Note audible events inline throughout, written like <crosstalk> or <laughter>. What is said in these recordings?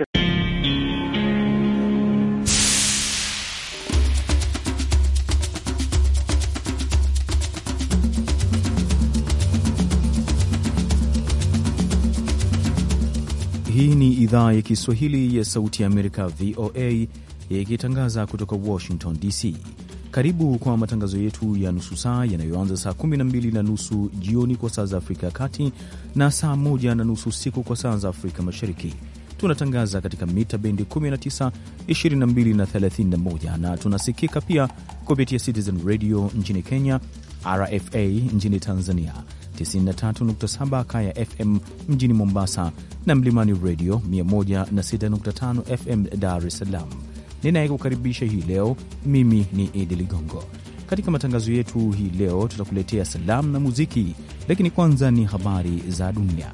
Hii ni idhaa ya Kiswahili ya Sauti ya Amerika, VOA, ikitangaza kutoka Washington DC. Karibu kwa matangazo yetu ya nusu saa yanayoanza saa 12 na nusu jioni kwa saa za Afrika ya Kati na saa 1 na nusu siku kwa saa za Afrika Mashariki. Tunatangaza katika mita bendi 19, 22 na 31 na tunasikika pia kupitia Citizen Radio nchini Kenya, RFA nchini Tanzania, 93.7 Kaya FM mjini Mombasa na Mlimani Radio 106.5 FM Dar es Salaam. Ninayekukaribisha hii leo mimi ni Idi Ligongo. Katika matangazo yetu hii leo tutakuletea salamu na muziki, lakini kwanza ni habari za dunia.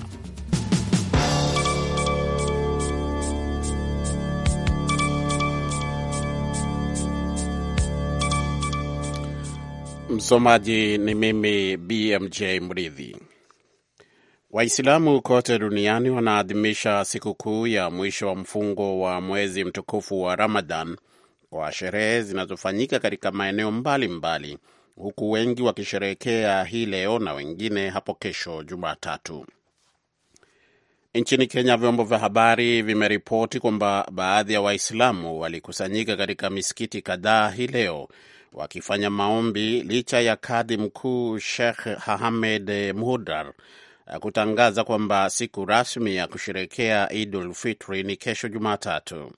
Msomaji ni mimi BMJ Mridhi. Waislamu kote duniani wanaadhimisha sikukuu ya mwisho wa mfungo wa mwezi mtukufu wa Ramadhan kwa sherehe zinazofanyika katika maeneo mbalimbali mbali, huku wengi wakisherehekea hii leo na wengine hapo kesho Jumatatu. Nchini Kenya, vyombo vya habari vimeripoti kwamba baadhi ya Waislamu walikusanyika katika misikiti kadhaa hii leo wakifanya maombi licha ya kadhi mkuu Sheikh Hahamed Muhdar uh, kutangaza kwamba siku rasmi ya kusherekea Idul Fitri ni kesho Jumatatu.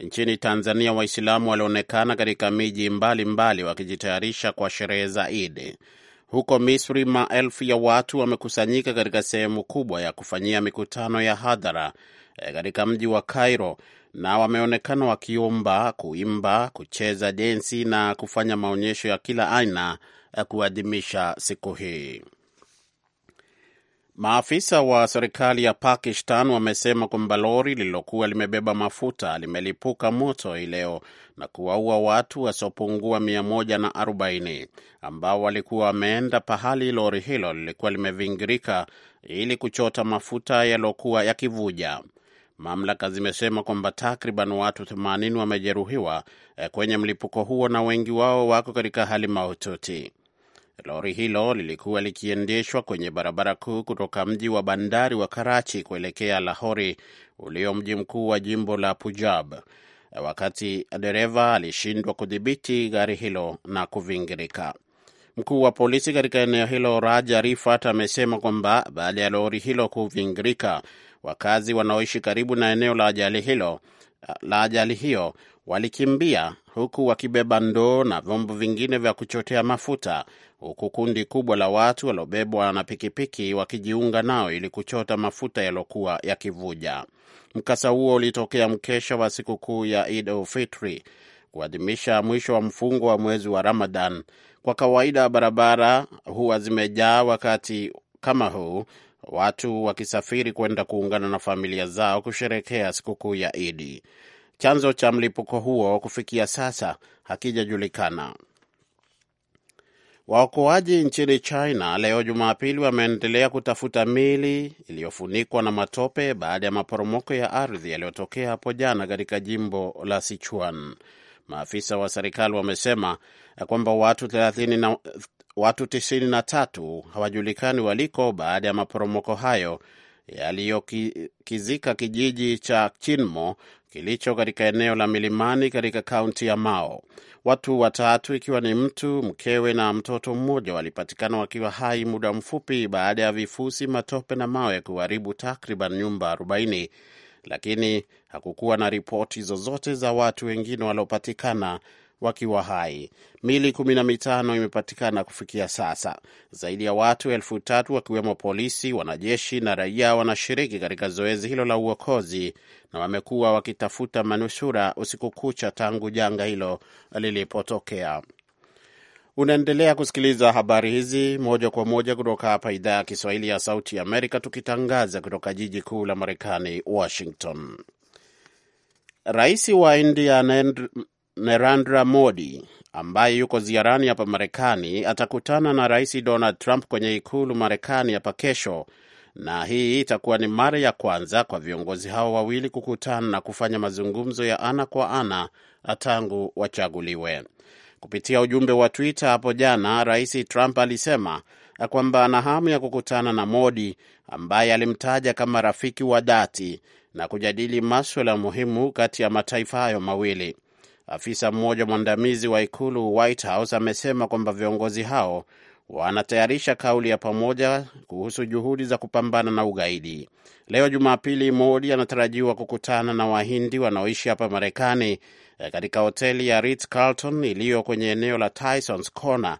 Nchini Tanzania, Waislamu walionekana katika miji mbalimbali wakijitayarisha kwa sherehe za Idi. Huko Misri, maelfu ya watu wamekusanyika katika sehemu kubwa ya kufanyia mikutano ya hadhara uh, katika mji wa Cairo na wameonekana wakiomba, kuimba, kucheza densi na kufanya maonyesho ya kila aina ya kuadhimisha siku hii. Maafisa wa serikali ya Pakistan wamesema kwamba lori lililokuwa limebeba mafuta limelipuka moto hii leo na kuwaua watu wasiopungua 140 ambao walikuwa wameenda pahali lori hilo lilikuwa limevingirika ili kuchota mafuta yaliyokuwa yakivuja. Mamlaka zimesema kwamba takriban watu 80 wamejeruhiwa eh, kwenye mlipuko huo na wengi wao wako katika hali mahututi. Lori hilo lilikuwa likiendeshwa kwenye barabara kuu kutoka mji wa bandari wa Karachi kuelekea Lahori ulio mji mkuu wa jimbo la Punjab eh, wakati dereva alishindwa kudhibiti gari hilo na kuvingirika. Mkuu wa polisi katika eneo hilo Raja Rifat amesema kwamba baada ya lori hilo kuvingirika, Wakazi wanaoishi karibu na eneo la ajali hilo la ajali hiyo walikimbia huku wakibeba ndoo na vyombo vingine vya kuchotea mafuta, huku kundi kubwa la watu waliobebwa na pikipiki wakijiunga nao ili kuchota mafuta yaliyokuwa yakivuja. Mkasa huo ulitokea mkesha wa sikukuu ya Id al-Fitri kuadhimisha mwisho wa mfungo wa mwezi wa Ramadan. Kwa kawaida barabara huwa zimejaa wakati kama huu watu wakisafiri kwenda kuungana na familia zao kusherekea sikukuu ya Idi. Chanzo cha mlipuko huo kufikia sasa hakijajulikana. Waokoaji nchini China leo Jumapili wameendelea kutafuta mili iliyofunikwa na matope baada ya maporomoko ya ardhi yaliyotokea hapo jana katika jimbo la Sichuan. Maafisa wa serikali wamesema kwamba watu watu 93 hawajulikani waliko baada ya maporomoko hayo yaliyokizika kijiji cha Chinmo kilicho katika eneo la milimani katika kaunti ya Mao. Watu watatu ikiwa ni mtu, mkewe na mtoto mmoja walipatikana wakiwa hai muda mfupi baada ya vifusi, matope na mawe kuharibu takriban nyumba 40, lakini hakukuwa na ripoti zozote za watu wengine waliopatikana wakiwa hai. Mili kumi na mitano imepatikana kufikia sasa. Zaidi ya watu elfu tatu wakiwemo polisi, wanajeshi na raia wanashiriki katika zoezi hilo la uokozi na wamekuwa wakitafuta manusura usiku kucha tangu janga hilo lilipotokea. Unaendelea kusikiliza habari hizi moja kwa moja kutoka hapa idhaa ya Kiswahili ya Sauti ya Amerika, tukitangaza kutoka jiji kuu la Marekani, Washington. Rais wa India Narendra Modi ambaye yuko ziarani hapa Marekani atakutana na Rais Donald Trump kwenye ikulu Marekani hapa kesho, na hii itakuwa ni mara ya kwanza kwa viongozi hao wawili kukutana na kufanya mazungumzo ya ana kwa ana tangu wachaguliwe. Kupitia ujumbe wa Twitter hapo jana, Rais Trump alisema kwamba ana hamu ya kukutana na Modi ambaye alimtaja kama rafiki wa dhati na kujadili maswala muhimu kati ya mataifa hayo mawili. Afisa mmoja mwandamizi wa ikulu White House amesema kwamba viongozi hao wanatayarisha kauli ya pamoja kuhusu juhudi za kupambana na ugaidi. Leo Jumapili, Modi anatarajiwa kukutana na Wahindi wanaoishi hapa Marekani eh, katika hoteli ya Ritz Carlton iliyo kwenye eneo la Tysons Corner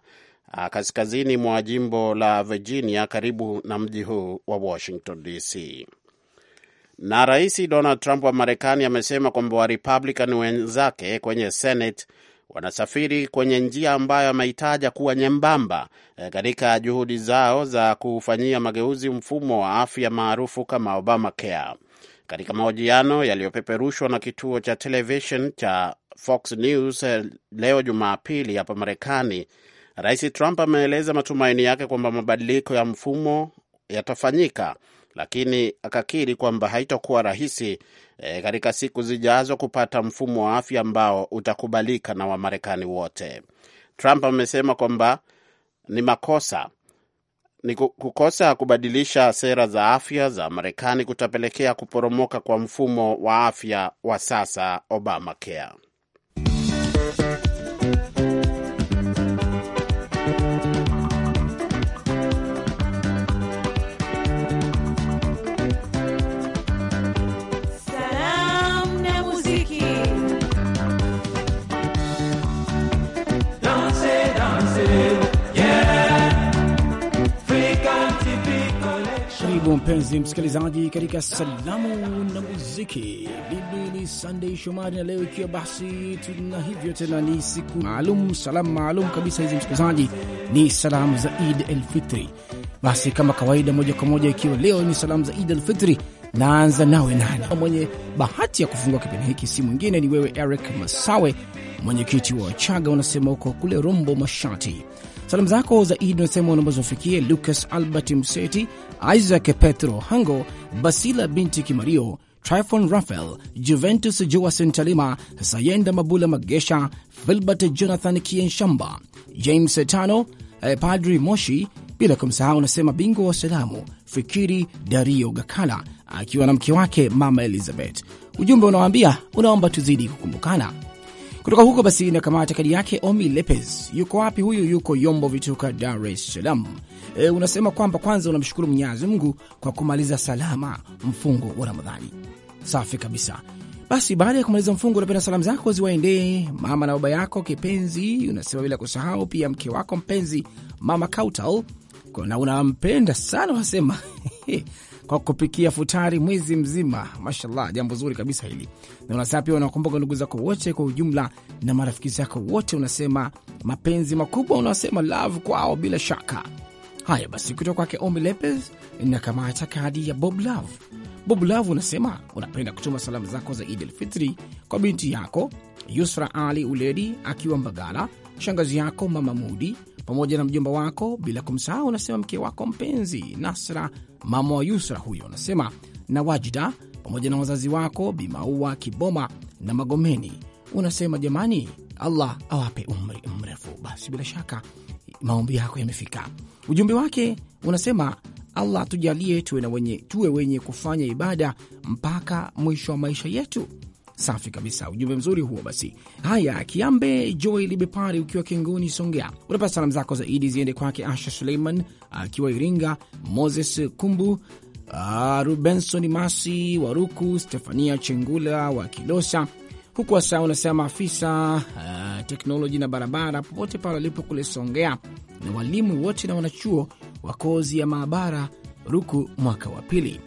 ah, kaskazini mwa jimbo la Virginia, karibu na mji huu wa Washington DC. Na Rais Donald Trump wa Marekani amesema kwamba Warepublican wenzake kwenye Senate wanasafiri kwenye njia ambayo ameitaja kuwa nyembamba eh, katika juhudi zao za kufanyia mageuzi mfumo wa afya maarufu kama Obamacare. Katika mahojiano yaliyopeperushwa na kituo cha television cha Fox News eh, leo Jumapili hapa Marekani, Rais Trump ameeleza matumaini yake kwamba mabadiliko ya mfumo yatafanyika lakini akakiri kwamba haitakuwa rahisi e, katika siku zijazo kupata mfumo wa afya ambao utakubalika na Wamarekani wote. Trump amesema kwamba ni makosa ni kukosa kubadilisha sera za afya za Marekani kutapelekea kuporomoka kwa mfumo wa afya wa sasa Obamacare. mpenzi msikilizaji, katika salamu na muziki, bibi ni Sandey Shomari, na leo ikiwa basi tuna hivyo tena, ni siku maalum, salamu maalum kabisa hizi msikilizaji, ni salamu za Id el fitri Basi kama kawaida, moja kwa moja, ikiwa leo ni salamu za Id el fitri naanza nawe nani mwenye bahati ya kufungua kipindi hiki, si mwingine ni wewe Eric Masawe, mwenyekiti wa Wachaga, unasema huko kule Rombo Mashati Salamu zako za Idi unasema unaombazi wafikie Lucas Albert Mseti, Isaac Petro Hango, Basila binti Kimario, trifon Rafael, Juventus Joasen Talima, Sayenda Mabula Magesha, Filbert Jonathan Kienshamba, James Tano, eh, Padri Moshi, bila kumsahau unasema bingwa wa salamu Fikiri Dario Gakala akiwa na mke wake Mama Elizabeth. Ujumbe unawaambia unaomba tuzidi kukumbukana kutoka huko basi nakamata kadi yake Omi Lepez. Yuko wapi huyu? Yuko Yombo Vituka, Dar es Salaam. E, unasema kwamba kwanza unamshukuru Mwenyezi Mungu kwa kumaliza salama mfungo wa Ramadhani. Safi kabisa. Basi baada ya kumaliza mfungo, unapenda salamu zako ziwaendee mama na baba yako kipenzi, unasema bila kusahau pia mke wako mpenzi Mama Kautal, na unampenda sana, wasema <laughs> kwa kupikia futari mwezi mzima. Mashallah, jambo zuri kabisa hili. Na unasema pia unakumbuka ndugu zako wote kwa ujumla na marafiki zako wote, unasema mapenzi makubwa, unasema love kwao bila shaka. Haya basi, kutoka kwake Omi Lepes na kamata kadi ya Bob Love. Bob Love unasema unapenda kutuma salamu zako za Idi Fitri kwa binti yako Yusra Ali Uledi akiwa Mbagala, shangazi yako Mama Mudi pamoja na mjomba wako, bila kumsahau unasema mke wako mpenzi Nasra, mama wa Yusra huyo unasema na Wajida, pamoja na wazazi wako Bimaua Kiboma na Magomeni. Unasema jamani, Allah awape umri mrefu. Basi bila shaka maombi yako yamefika. Ujumbe wake unasema Allah tujalie tuwe na wenye, tuwe wenye kufanya ibada mpaka mwisho wa maisha yetu Safi kabisa, ujumbe mzuri huo. Basi haya, Kiambe Joy Libepari, ukiwa Kengoni Songea, unapata salamu zako zaidi ziende kwake Asha Suleiman akiwa Iringa, Moses Kumbu, Uh, Rubenson Masi Waruku, Stefania Chengula wa Kilosa huku wasaa, unasema afisa uh, teknoloji na barabara popote pale walipo kule Songea, na walimu wote na wanachuo wa kozi ya maabara Ruku mwaka wa pili.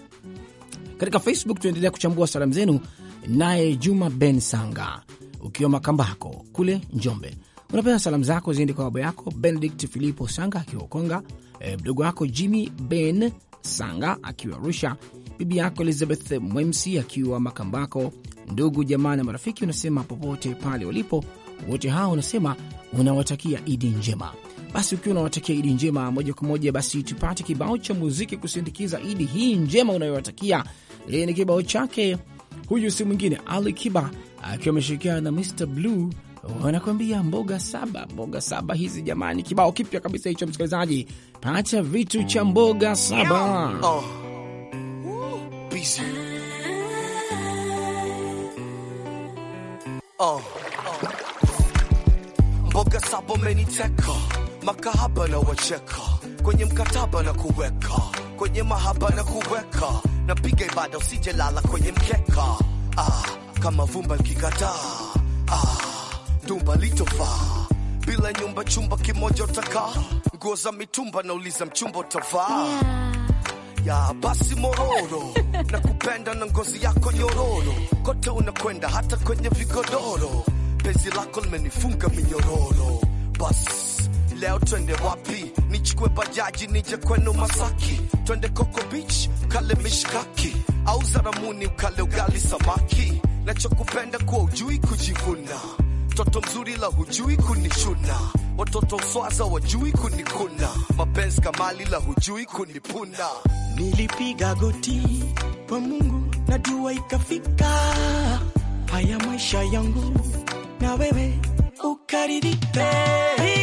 Katika Facebook tunaendelea kuchambua salamu zenu naye Juma Ben Sanga ukiwa Makambako kule Njombe, unapewa salamu zako ziende kwa baba yako Benedict Filipo Sanga akiwa Ukonga, eh, mdogo e, wako Jimmy Ben Sanga akiwa Arusha, bibi yako Elizabeth Mwemsi akiwa Makambako, ndugu jamaa na marafiki, unasema popote pale walipo wote hawa, unasema unawatakia Idi njema. Basi ukiwa unawatakia Idi njema, moja kwa moja basi tupate kibao cha muziki kusindikiza Idi hii njema unayowatakia. E, ni kibao chake Huyu si mwingine Ali Kiba akiwa ameshirikiana na Mr Blue wanakuambia mboga saba, mboga saba hizi jamani, kibao kipya kabisa hicho msikilizaji, pacha vitu cha mboga saba. Oh. Oh. Mboga saba umeniteka, makahaba na wacheka, kwenye mkataba na kuweka, kwenye mahaba na kuweka napiga ibada usije lala kwenye mkeka ah, kama vumba likikataa ah, dumba litofaa bila nyumba chumba kimoja utakaa, nguo za mitumba nauliza mchumba utavaa Ya basi mororo <laughs> na kupenda na ngozi yako nyororo, kote unakwenda hata kwenye vigodoro, penzi lako limenifunga minyororo basi leo twende wapi? Nichukue bajaji nije kwenu Masaki, twende Coco Beach kale mishkaki au Zaramuni ukale ugali samaki. Nachokupenda kuwa ujui kujivuna, toto mzuri la hujui kunishuna, watoto swaza wajui kunikuna, mapenzi kamali la hujui kunipuna. Nilipiga goti kwa Mungu na dua ikafika, haya maisha yangu na wewe hey.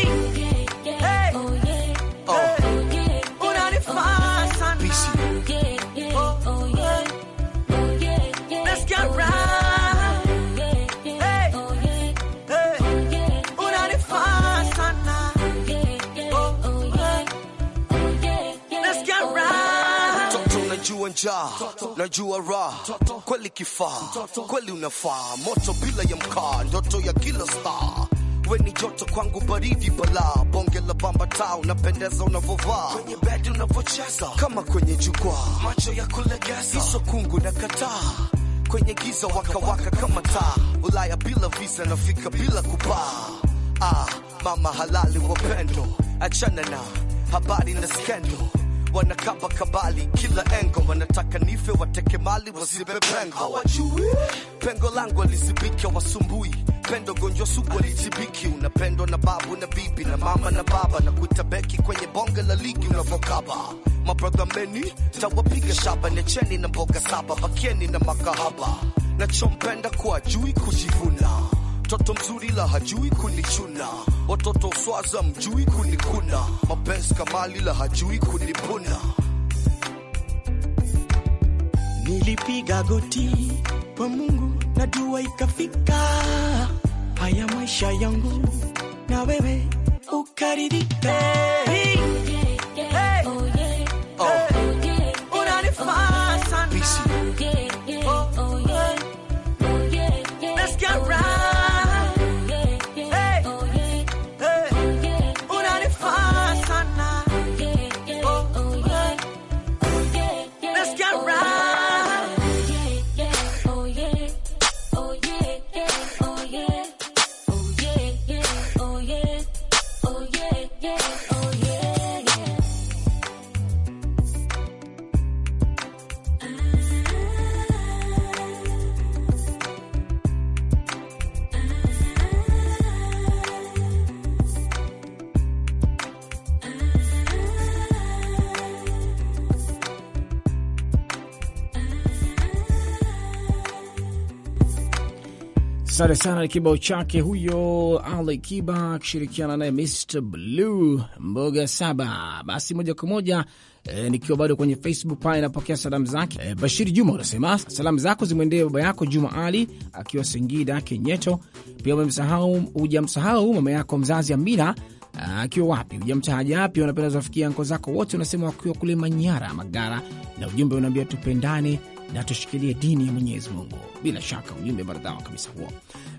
njaa na jua raha kweli, kifaa kweli, unafaa moto bila ya mkaa, ndoto ya kila star We ni joto kwangu, baridi bala, bonge la bamba taa, unapendeza unavovaa, kwenye bedi unavocheza, kama kwenye jukwaa, macho ya kulegeza, hizo kungu na kataa, kwenye giza wakawaka waka kama taa, Ulaya bila visa, nafika bila kupaa. Ah, mama halali wapendo, achana na habari na skendo wanakaba kabali kila engo, wanataka nife wateke mali wasipe pengo, hawajui pengo langu alizibika wasumbui pendo gonjwa sugu alitibiki, unapendwa na babu na bibi na mama na baba, na kuita beki kwenye bonge la ligi unavokaba mabradha meni tawapiga shaba, necheni na mboga saba, bakieni na makahaba, nachompenda kwa jui kujivuna, toto mzuri la hajui kunichuna watoto swaza mjui kunikuna mapenzi kamali la hajui kunipuna. Nilipiga goti kwa Mungu na dua ikafika, haya maisha yangu na wewe ukaridhika. Asante sana, kibao chake huyo Ali Kiba akishirikiana naye Mr Blue mboga saba. Basi moja kwa moja e, nikiwa bado kwenye Facebook pale napokea salamu zake e, eh, Bashiri Juma unasema salamu zako zimwendee baba yako Juma Ali akiwa Singida Kenyeto, pia umemsahau hujamsahau mama yako mzazi Amina ah, akiwa wapi hujamtaja. Pia unapenda zafikia nko zako wote unasema wakiwa kule Manyara Magara, na ujumbe unaambia tupendane na tushikilie dini ya Mwenyezi Mungu. Bila shaka ujumbe maridhawa kabisa huo.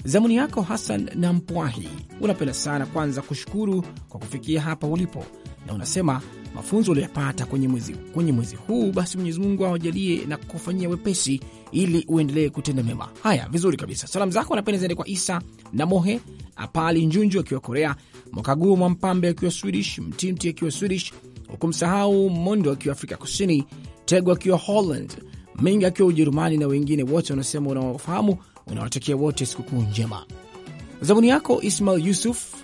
Zamuni yako Hasan na Mpwahi, unapenda sana kwanza kushukuru kwa kufikia hapa ulipo, na unasema mafunzo uliyopata kwenye mwezi, kwenye mwezi huu, basi Mwenyezi Mungu awajalie na kufanyia wepesi ili uendelee kutenda mema. Haya, vizuri kabisa. Salamu zako napenda ziende kwa Isa na Mohe Apali Njunju akiwa Korea, Mwakaguo Mwa Mpambe akiwa Swedish, Mtimti akiwa Swedish, hukumsahau Mondo akiwa Afrika Kusini, Tego akiwa Holland mengi akiwa Ujerumani na wengine wote wanasema unawafahamu, unawatakia wote sikukuu njema. Zabuni yako Ismail Yusuf.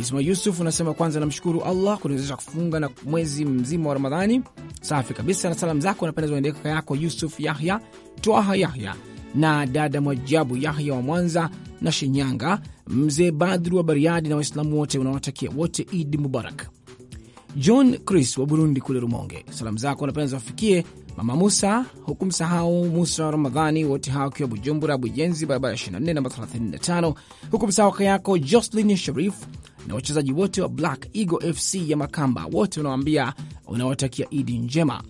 Ismail Yusuf unasema kwanza, namshukuru Allah kuniwezesha kufunga na mwezi mzima wa Ramadhani. Safi kabisa, na salamu zako napenda ziende kaka yako Yusuf Yahya Twaha Yahya na dada Mwajabu Yahya wa Mwanza na Shinyanga, mzee Badru wa Bariadi na Waislamu wote, unawatakia wote Idi Mubarak. John Chris wa Burundi kule Rumonge, salamu zako napenda ziwafikie Mama Musa, huku msahau Musa Ramadhani, wote hawa wakiwa Bujumbura, Bujenzi, barabara 24 namba 35, huku msahau kaka yako Jocelyn Sharif na wachezaji wote wa Black Eagle FC ya Makamba, wote unawaambia unawatakia Idi njema.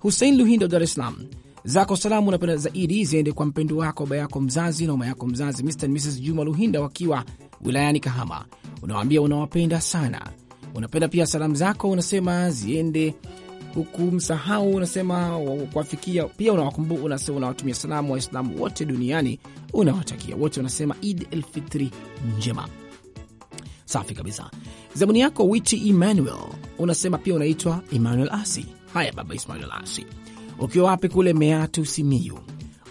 Hussein Luhindo, Dar es Salaam, zako salamu unapenda zaidi ziende kwa mpendo wako baba yako mzazi na mama yako mzazi Mr and Mrs Juma Luhinda wakiwa wilayani Kahama, unawaambia unawapenda sana. Unapenda pia salamu zako unasema ziende hukumsahau, unasema kuwafikia pia, unawakumbuka unasema, unawatumia salamu Waislamu wote duniani, unawatakia wote, unasema Id Elfitri njema. Safi kabisa. Zamuni yako witi Emmanuel, unasema pia unaitwa Emmanuel Asi. Haya baba Ismanuel Asi, ukiwa wapi kule Meatu Simiyu,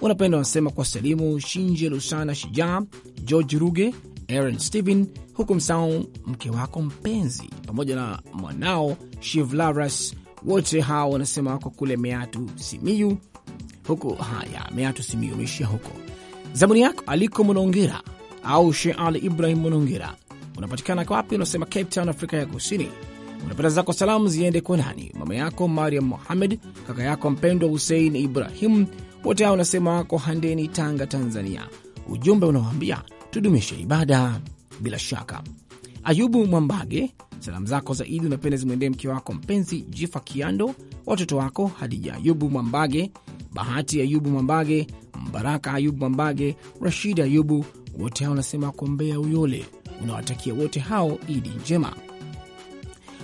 unapenda unasema kwa salimu Shinje Lusana Shijaa, George Ruge, Aaron Stephen huku msahau mke wako mpenzi pamoja na mwanao Shivlaras wote hawa wanasema wako kule Meatu Simiyu huko. Haya, Meatu Simiyu umeishia huko. Zamuni yako Aliko Monongera au sheal Ibrahim Monongera, unapatikana wapi? Unasema Cape Town, Afrika ya Kusini. Unapenda zako salamu ziende kwa nani? Mama yako Mariam Mohamed, kaka yako mpendwa Husein Ibrahim, wote hawa unasema wako Handeni, Tanga, Tanzania. Ujumbe unawaambia tudumishe ibada bila shaka Ayubu Mwambage, salamu zako za Idi unapenda zimwendee mke wako mpenzi Jifa Kiando, watoto wako Hadija Ayubu Mwambage, Bahati Ayubu Mwambage, Mbaraka Ayubu Mwambage, rashidi Ayubu, wote hao unasema kuombea Uyole. Unawatakia wote hao Idi njema.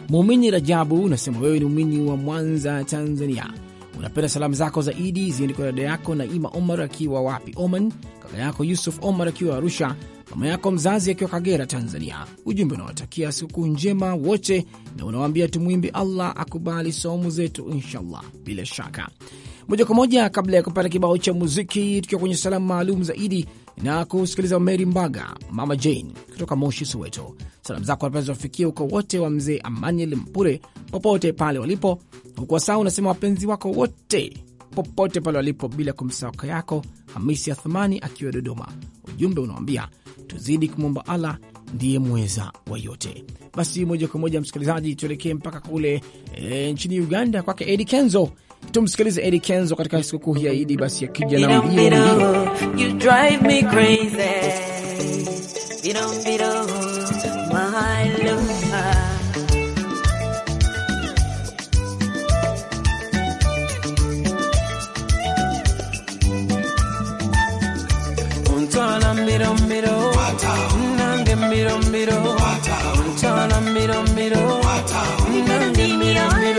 Muumini Rajabu unasema wewe ni muumini wa Mwanza, Tanzania. Unapenda salamu zako za Idi ziende kwa dada yako Naima Omar akiwa wapi Oman, kaka yako Yusuf Omar akiwa Arusha, mama yako mzazi akiwa ya Kagera, Tanzania. Ujumbe unawatakia sikukuu njema wote na unawaambia tumwimbi Allah akubali saumu zetu inshallah. Bila shaka, moja kwa moja, kabla ya kupata kibao cha muziki, tukiwa kwenye salamu maalum zaidi na kusikiliza Mary Mbaga, mama Jane kutoka Moshi, Soweto. Salamu zako wapenzi wafikie uko wote wa mzee Amaniel Mpure popote pale walipo huko. sawa. unasema wapenzi wako wote popote pale walipo, bila kumsahau kaka yako Hamisi Athmani akiwa Dodoma. Ujumbe unawambia tuzidi kumwomba Allah ndiye mweza wa yote. Basi moja kwa moja, msikilizaji, tuelekee mpaka kule e, nchini Uganda kwake edi Kenzo. Tumsikilize edi Kenzo katika sikukuu hii ya Idi. Basi akija na mbio miro, miro, miro, miro, miro, miro, miro, miro,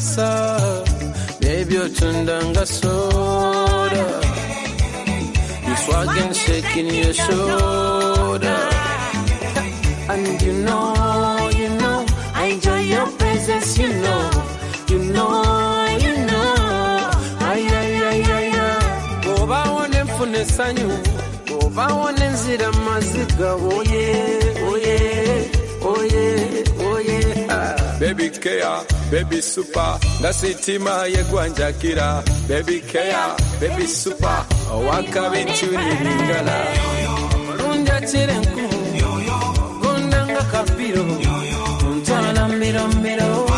sasa, baby, otundanga soda. You swagging, shaking your shoulder. And you know, you know, I enjoy your presence, you know, you know, you know. Ay, ay, ay, ay, ay. Oba one mfune sanyu, oba one nzira maziga, oh yeah, oh yeah, oh yeah, oh yeah baby care baby super ndasitima yegwanjakira baby care baby super wakabinchunilingana runjakire nku kundanga kapiro untalambirombiro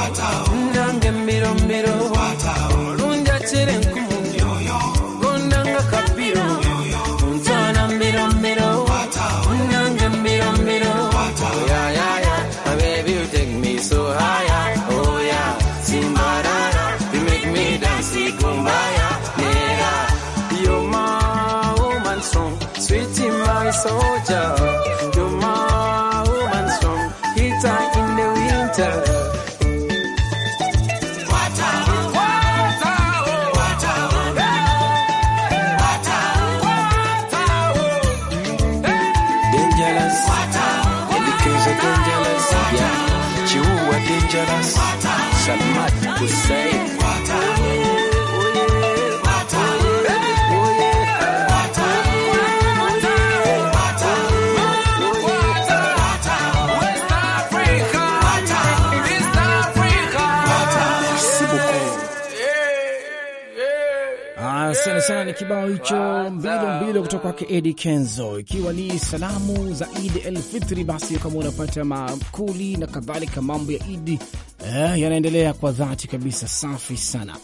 na kibao hicho mbilo mbilo kutoka kwake Eddie Kenzo, ikiwa ni salamu za Idi Fitri. Basi kama unapata makuli na kadhalika, mambo ya Idi eh, yanaendelea kwa dhati kabisa. Safi sana.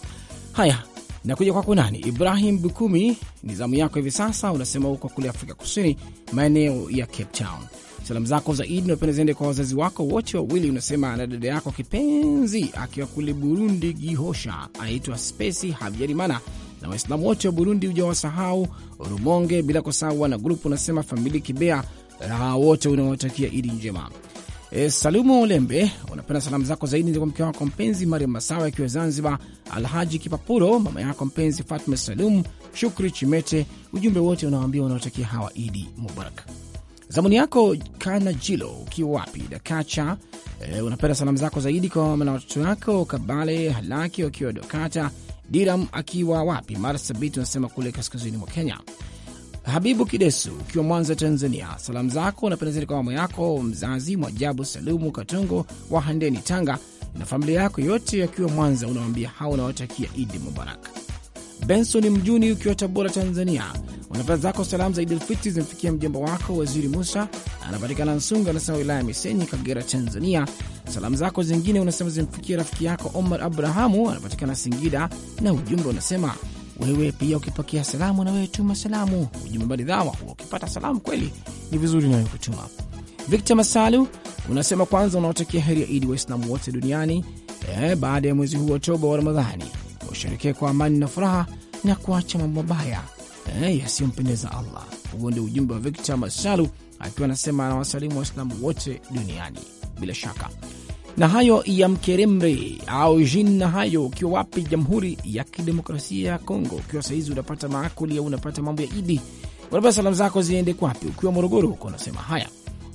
Haya, nakuja kwako nani, Ibrahim Bukumi, ni zamu yako hivi sasa. Unasema huko kule Afrika Kusini, maeneo ya Cape Town. Salamu zako za Idi napenda ziende kwa wazazi wako wote wawili, unasema na dada yako kipenzi akiwa kule Burundi, Gihosha, aitwa Spesi Habyarimana na Waislamu wote wa Burundi hujawasahau Rumonge, bila kusahau wana grupu unasema famili Kibea, raha wote unaowatakia Idi njema. E, Salumu Olembe, unapenda salamu zako zaidi kwa mke wako mpenzi Mariam Masawa akiwa Zanzibar, Alhaji Kipapuro, mama yako mpenzi Fatma Salum, Shukri Chimete. Ujumbe wote unawaambia unaotakia hawa Idi Mubarak. Zamuni yako Kana Jilo, ukiwa wapi Dakacha. E, unapenda salamu zako zaidi kwa mama na watoto wako Kabale Halaki wakiwa Dokata, Diram akiwa wapi, Mara Sabit anasema kule kaskazini mwa Kenya. Habibu Kidesu ukiwa Mwanza, Tanzania, salamu zako napenda kwa mama yako mzazi Mwajabu Salumu Katongo wa Handeni, Tanga, na familia yako yote akiwa Mwanza. Unawambia hao unawatakia Idi Mubarak. Benson Mjuni ukiwa Tabora, Tanzania, unapata zako salamu za Idil zimfikia mjomba wako Waziri Musa, anapatikana Nsunga, anasema wilaya ya Misenyi, Kagera, Tanzania. Salamu zako zingine unasema zimfikia rafiki yako Omar Abrahamu, anapatikana Singida, na ujumbe unasema wewe pia ukipokea salamu na wewe tuma salamu. Ujumbe maridhawa huo, ukipata salamu kweli ni vizuri nawe kutuma. Victor Masalu unasema kwanza unawatakia heri ya Idi Waislamu wote duniani eh, baada ya mwezi huu wa toba wa Ramadhani usherekee kwa amani na furaha na kuacha mambo mabaya eh, yasiyompendeza Allah. Huo ndio ujumbe wa Victor Masalu akiwa anasema anawasalimu Waislamu wote duniani bila shaka. Na hayo ya Mkerembe au jin, na hayo ukiwa wapi, Jamhuri ya Kidemokrasia ya Kongo, ukiwa sahizi unapata maakuli au unapata mambo ya Idi, unapata salamu zako ziende kwapi? Ukiwa Morogoro huko unasema haya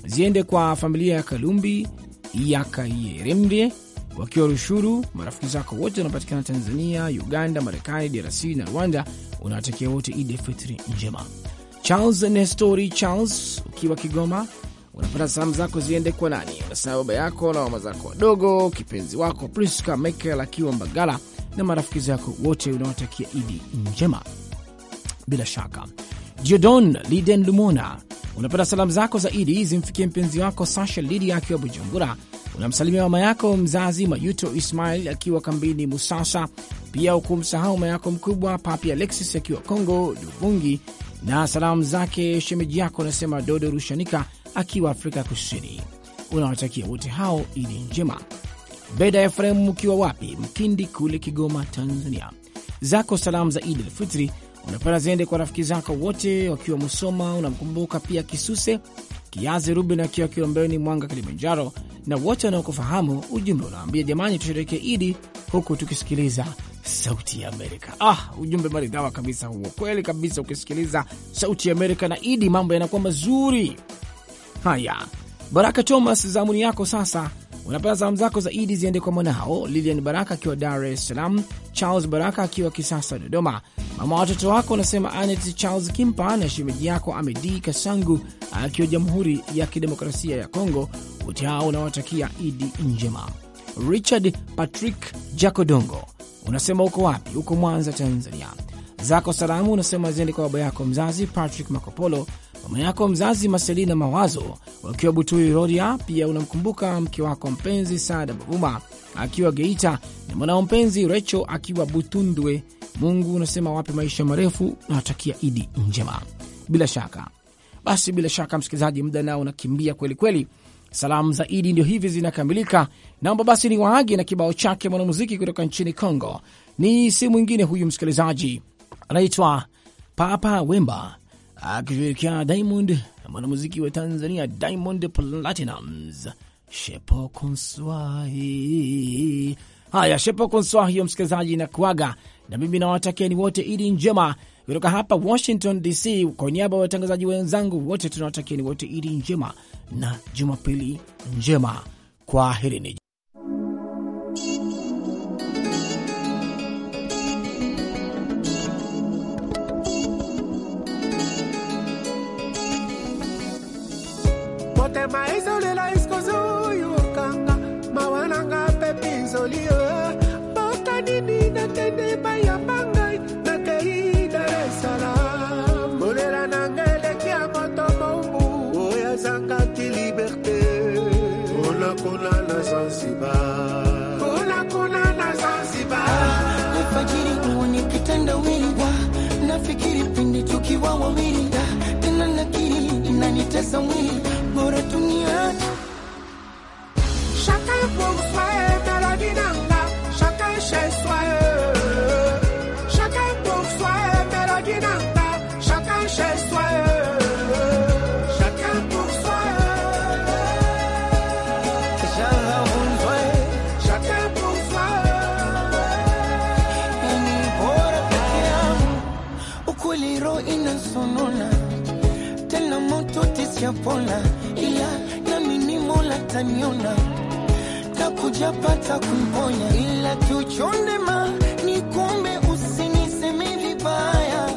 ziende kwa familia ya Kalumbi ya Kayerembe wakiwa Rushuru. Marafiki zako wote wanapatikana Tanzania, Uganda, Marekani, DRC na Rwanda, unawatakia wote Idi Fitri njema. Charles Nestori Charles, ukiwa Kigoma, unapata salamu zako ziende kwa nani? Unasema baba yako na mama zako wadogo, kipenzi wako Priska Michael akiwa Mbagala na marafiki zako wote unawatakia Idi njema. Bila shaka Diodon Liden Lumona unapata salamu zako za Idi zimfikie mpenzi wako Sasha Lidia akiwa Bujumbura Unamsalimia mama yako mzazi mayuto Ismail akiwa kambini Musasa, pia ukumsahau mama yako mkubwa Papi Alexis akiwa congo duvungi na salamu zake shemeji yako anasema Dodo Rushanika akiwa Afrika Kusini. Unawatakia wote hao ili njema. Beda Efremu mkiwa wapi Mkindi kule Kigoma, Tanzania, zako salamu za Idi Alfitri unapenda ziende kwa rafiki zako wote wakiwa Musoma. Unamkumbuka pia Kisuse Kiazi Ruben akiwa Kilombeni, Mwanga, Kilimanjaro, na wote wanaokufahamu. Ujumbe unawambia jamani, tusherekee Idi huku tukisikiliza Sauti ya Amerika. Ah, ujumbe maridhawa kabisa huo, kweli kabisa. Ukisikiliza Sauti ya Amerika na Idi, mambo yanakuwa mazuri. Haya, Baraka Thomas, zamuni yako sasa Unapata salamu zako za Idi ziende kwa mwanao Lilian Baraka akiwa Dar es Salaam, Charles Baraka akiwa Kisasa Dodoma, mama watoto wako unasema Anet Charles Kimpa na shemeji yako Amedi Kasangu akiwa Jamhuri ya Kidemokrasia ya Kongo. Wote hao unawatakia Idi njema. Richard Patrick Jakodongo unasema uko wapi? Uko Mwanza, Tanzania zako salamu unasema ziende kwa baba yako mzazi Patrick Makopolo, mama yako mzazi Maselina Mawazo wakiwa Butui Rodia. Pia unamkumbuka mke wako mpenzi Saada Bavuma akiwa Geita na mwanao mpenzi Recho akiwa Butundwe. Mungu unasema wape maisha marefu na watakia Idi njema. Bila shaka basi, bila shaka msikilizaji, muda nao unakimbia kweli kweli. Salamu za Idi ndio hivi zinakamilika. Naomba basi ni waage na kibao chake mwanamuziki kutoka nchini Congo. ni si mwingine huyu msikilizaji anaitwa Papa Wemba akishirikiana Diamond na mwanamuziki wa Tanzania Diamond Platinums, shepo konswahi. Haya, shepo konswahi yo msikilizaji na kuaga na mimi nawatakieni wote idi njema kutoka hapa Washington DC. Kwa niaba ya watangazaji wenzangu wote tunawatakieni wote idi njema na jumapili njema, kwa herini. Motema isolela iskozuyukanga mawananga pepinzolio botanini natendema ya mangai nakei Dar bolela nangelekya moto mombu oyazangaki liberté konakona na Zanzibar alfajiri uone kitanda wiliwa nafikiri pindi tukiwa wawili tena nakiri inanitesa mwili sijapona, ila nami ni Mola taniona, na takujapata kumponya, ila kiuchonde ma ni kuombe, fajiri vibaya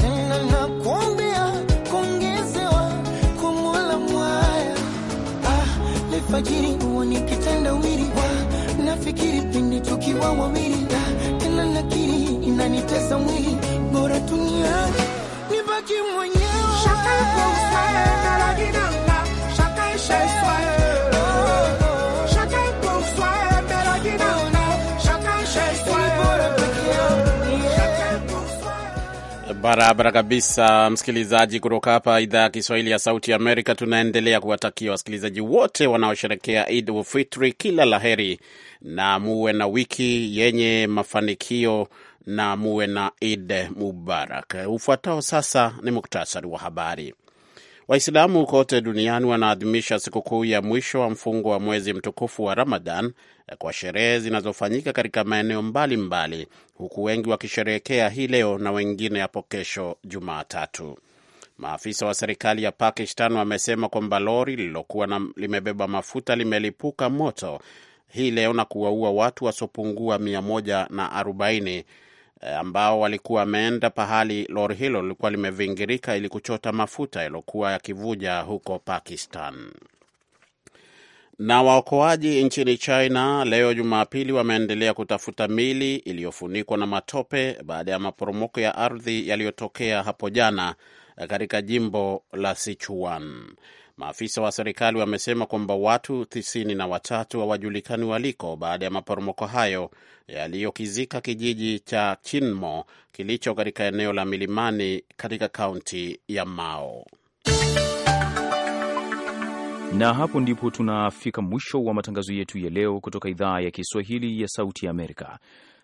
tena, nakuombea kuongezewa kwa ah, nafikiri pindi tukiwa wawili, ah, tena nakiri inanitesa mwili, bora tunia nibaki mwenye Barabara kabisa, msikilizaji, kutoka hapa idhaa ya Kiswahili ya Sauti Amerika. Tunaendelea kuwatakia wasikilizaji wote wanaosherekea Id ufitri kila kila laheri na muwe na wiki yenye mafanikio na muwe na Id Mubarak. Ufuatao sasa ni muktasari wa habari. Waislamu kote duniani wanaadhimisha sikukuu ya mwisho wa mfungo wa mwezi mtukufu wa Ramadan kwa sherehe zinazofanyika katika maeneo mbalimbali, huku wengi wakisherehekea hii leo na wengine hapo kesho Jumatatu. Maafisa wa serikali ya Pakistan wamesema kwamba lori lililokuwa limebeba mafuta limelipuka moto hii leo na kuwaua watu wasiopungua 140 Eh, ambao walikuwa wameenda pahali lori hilo lilikuwa limevingirika ili kuchota mafuta yaliyokuwa yakivuja huko Pakistan. Na waokoaji nchini China leo Jumapili wameendelea kutafuta mili iliyofunikwa na matope baada ya maporomoko ya ardhi yaliyotokea hapo jana eh, katika jimbo la Sichuan. Maafisa wa serikali wamesema kwamba watu tisini na watatu hawajulikani waliko baada ya maporomoko hayo yaliyokizika kijiji cha Chinmo kilicho katika eneo la milimani katika kaunti ya Mao. Na hapo ndipo tunafika mwisho wa matangazo yetu ya leo kutoka idhaa ya Kiswahili ya Sauti ya Amerika.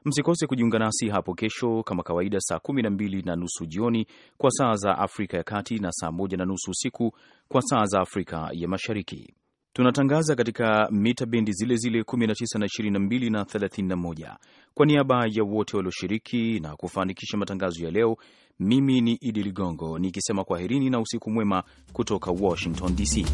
Msikose kujiunga nasi hapo kesho kama kawaida, saa 12 na nusu jioni kwa saa za Afrika ya Kati na saa 1 na nusu usiku kwa saa za Afrika ya Mashariki. Tunatangaza katika mita bendi zile zile 19, 22 na 31. Kwa niaba ya wote walioshiriki na kufanikisha matangazo ya leo, mimi ni Idi Ligongo nikisema kwaherini na usiku mwema kutoka Washington DC.